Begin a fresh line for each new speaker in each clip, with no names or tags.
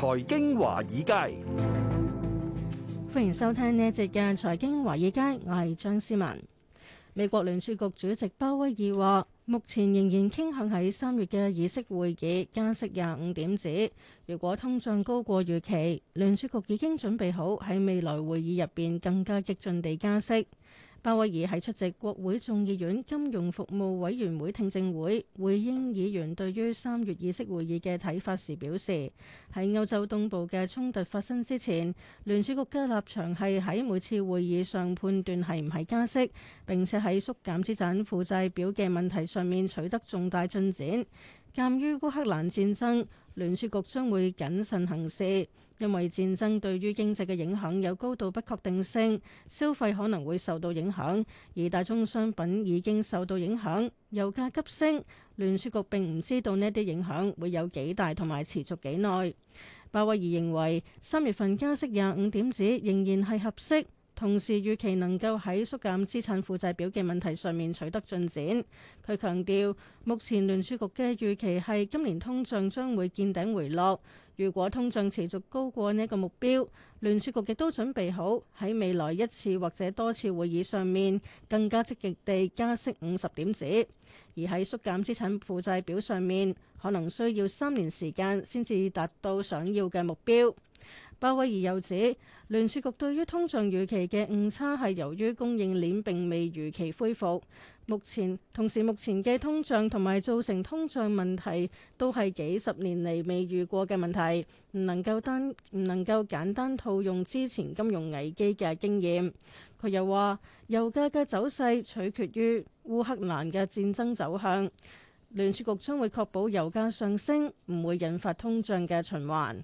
財經華爾街，歡迎收聽呢一節嘅財經華爾街，我係張思文。美國聯儲局主席鮑威爾話，目前仍然傾向喺三月嘅議息會議加息廿五點子。如果通脹高過預期，聯儲局已經準備好喺未來會議入邊更加激進地加息。鮑威爾喺出席國會眾議院金融服務委員會聽證會回應議員對於三月議息會議嘅睇法時表示：喺歐洲東部嘅衝突發生之前，聯儲局嘅立場係喺每次會議上判斷係唔係加息，並且喺縮減資產負債表嘅問題上面取得重大進展。鑑於烏克蘭戰爭，聯儲局將會謹慎行事。因為戰爭對於經濟嘅影響有高度不確定性，消費可能會受到影響，而大宗商品已經受到影響，油價急升。聯儲局並唔知道呢啲影響會有幾大同埋持續幾耐。鮑威爾認為三月份加息廿五點子仍然係合適。同時預期能夠喺縮減資產負債表嘅問題上面取得進展。佢強調，目前聯儲局嘅預期係今年通脹將會見頂回落。如果通脹持續高過呢個目標，聯儲局亦都準備好喺未來一次或者多次會議上面更加積極地加息五十點子。而喺縮減資產負債表上面，可能需要三年時間先至達到想要嘅目標。鮑威爾又指，聯儲局對於通脹預期嘅誤差係由於供應鏈並未如期恢復。目前同時，目前嘅通脹同埋造成通脹問題都係幾十年嚟未遇過嘅問題，唔能夠單唔能夠簡單套用之前金融危機嘅經驗。佢又話，油價嘅走勢取決於烏克蘭嘅戰爭走向。聯儲局將會確保油價上升唔會引發通脹嘅循環。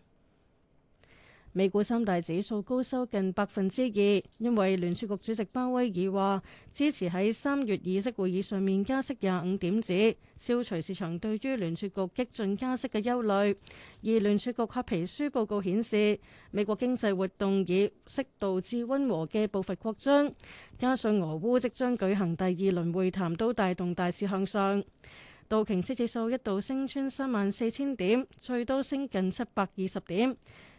美股三大指數高收近百分之二，因為聯儲局主席鮑威爾話支持喺三月議息會議上面加息廿五點子，消除市場對於聯儲局激進加息嘅憂慮。而聯儲局褐皮書報告顯示，美國經濟活動以適度至溫和嘅步伐擴張，加上俄烏即將舉行第二輪會談，都帶動大市向上。道瓊斯指數一度升穿三萬四千點，最多升近七百二十點。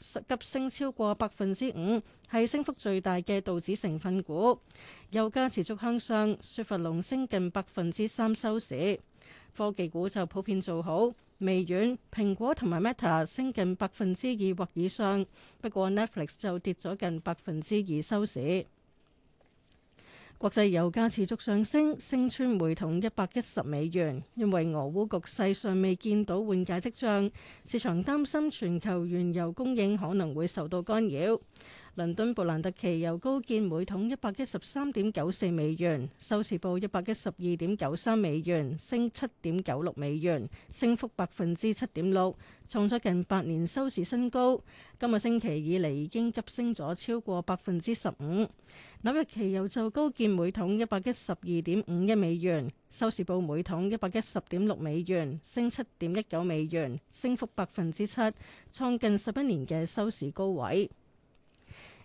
急升超過百分之五，係升幅最大嘅道指成分股。油價持續向上，雪佛龍升近百分之三收市。科技股就普遍做好，微軟、蘋果同埋 Meta 升近百分之二或以上。不過 Netflix 就跌咗近百分之二收市。國際油價持續上升，升穿每桶一百一十美元，因為俄烏局勢尚未見到緩解跡象，市場擔心全球原油供應可能會受到干擾。倫敦布蘭特期油高見每桶一百一十三點九四美元，收市報一百一十二點九三美元，升七點九六美元，升幅百分之七點六，創咗近八年收市新高。今個星期以嚟已經急升咗超過百分之十五。紐約期油就高見每桶一百一十二點五一美元，收市報每桶一百一十點六美元，升七點一九美元，升幅百分之七，創近十一年嘅收市高位。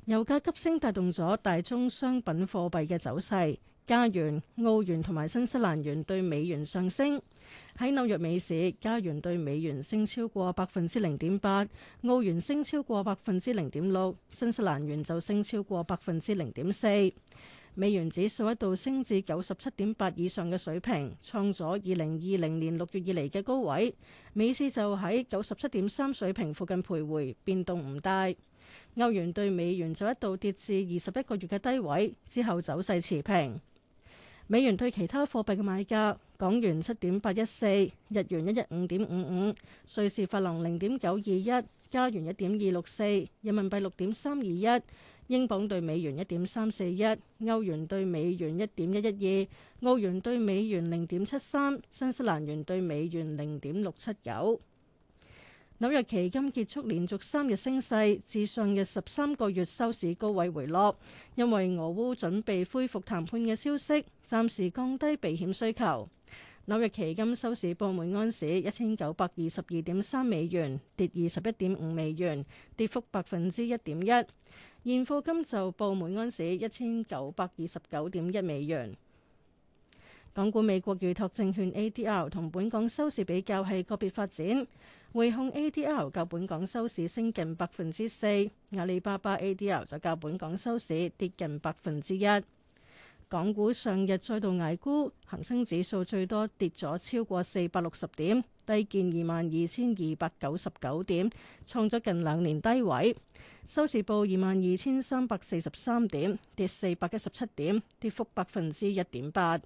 油價急升，帶動咗大宗商品貨幣嘅走勢。加元、澳元同埋新西蘭元對美元上升。喺紐約美市，加元對美元升超過百分之零點八，澳元升超過百分之零點六，新西蘭元就升超過百分之零點四。美元指數一度升至九十七點八以上嘅水平，創咗二零二零年六月以嚟嘅高位。美市就喺九十七點三水平附近徘徊，變動唔大。歐元對美元就一度跌至二十一個月嘅低位，之後走勢持平。美元對其他貨幣嘅買價：港元七點八一四，日元一一五點五五，瑞士法郎零點九二一，加元一點二六四，人民幣六點三二一，英鎊對美元一點三四一，歐元對美元一點一一二，澳元對美元零點七三，新西蘭元對美元零點六七九。紐約期金結束連續三日升勢，至上日十三個月收市高位回落，因為俄烏準備恢復談判嘅消息，暫時降低避險需求。紐約期金收市報每盎司一千九百二十二點三美元，跌二十一點五美元，跌幅百分之一點一。現貨金就報每盎司一千九百二十九點一美元。港股美國預託證券 ADR 同本港收市比較係個別發展。匯控 A D L 較本港收市升近百分之四，阿里巴巴 A D L 就較本港收市跌近百分之一。港股上日再度挨沽，恒生指數最多跌咗超過四百六十點，低見二萬二千二百九十九點，創咗近兩年低位。收市報二萬二千三百四十三點，跌四百一十七點，跌幅百分之一點八。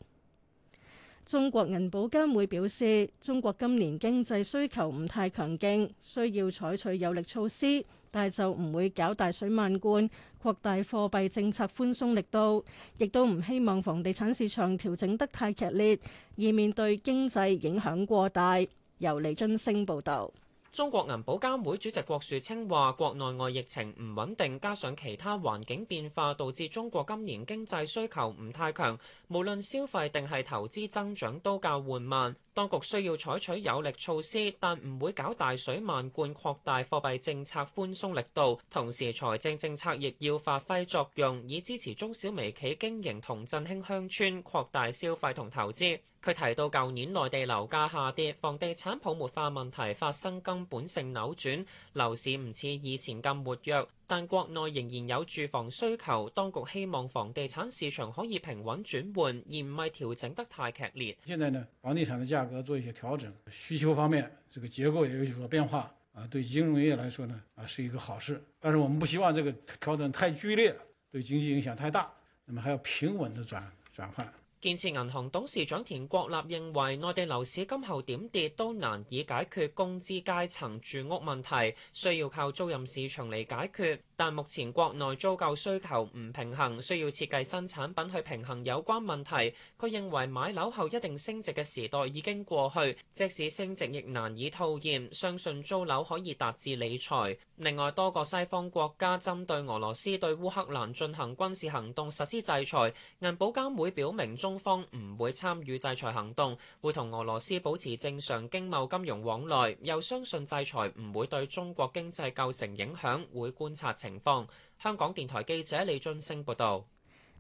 中國銀保監會表示，中國今年經濟需求唔太強勁，需要採取有力措施，但就唔會搞大水漫灌，擴大貨幣政策寬鬆力度，亦都唔希望房地產市場調整得太劇烈，以免對經濟影響過大。由李津升
報導。中國銀保監會主席郭樹清話，國內外疫情唔穩定，加上其他環境變化，導致中國今年經濟需求唔太強，無論消費定係投資增長都較緩慢。當局需要採取有力措施，但唔會搞大水漫灌，擴大貨幣政策寬鬆力度。同時，財政政策亦要發揮作用，以支持中小微企經營同振興鄉村，擴大消費同投資。佢提到，舊年內地樓價下跌，房地產泡沫化問題發生根本性扭轉，樓市唔似以前咁活躍，但國內仍然有住房需求，當局希望房地產市場可以平穩轉換，而唔係調整得太劇烈。現在呢，房地產嘅價格做一些調整，需求方面這個結構也有所變化，啊，對金融業來說呢，啊，是一個好事，但是我們不希望這個調整太劇烈，對經濟影響太大，那麼還要平穩的轉轉換。建設銀行董事長田國立認為，內地樓市今後點跌都難以解決工資階層住屋問題，需要靠租賃市場嚟解決。但目前國內租購需求唔平衡，需要設計新產品去平衡有關問題。佢認為買樓後一定升值嘅時代已經過去，即使升值亦難以套現。相信租樓可以達至理財。另外，多個西方國家針對俄羅斯對烏克蘭進行軍事行動實施制裁，銀保監會表明中方唔會參與制裁行動，會同俄羅斯保持正常經貿金融往來。又相信制裁唔會對中國經濟構成影響，會觀察情況。香港電台記者李俊升報道。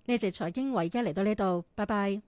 呢節財經華爾街嚟到呢度，拜拜。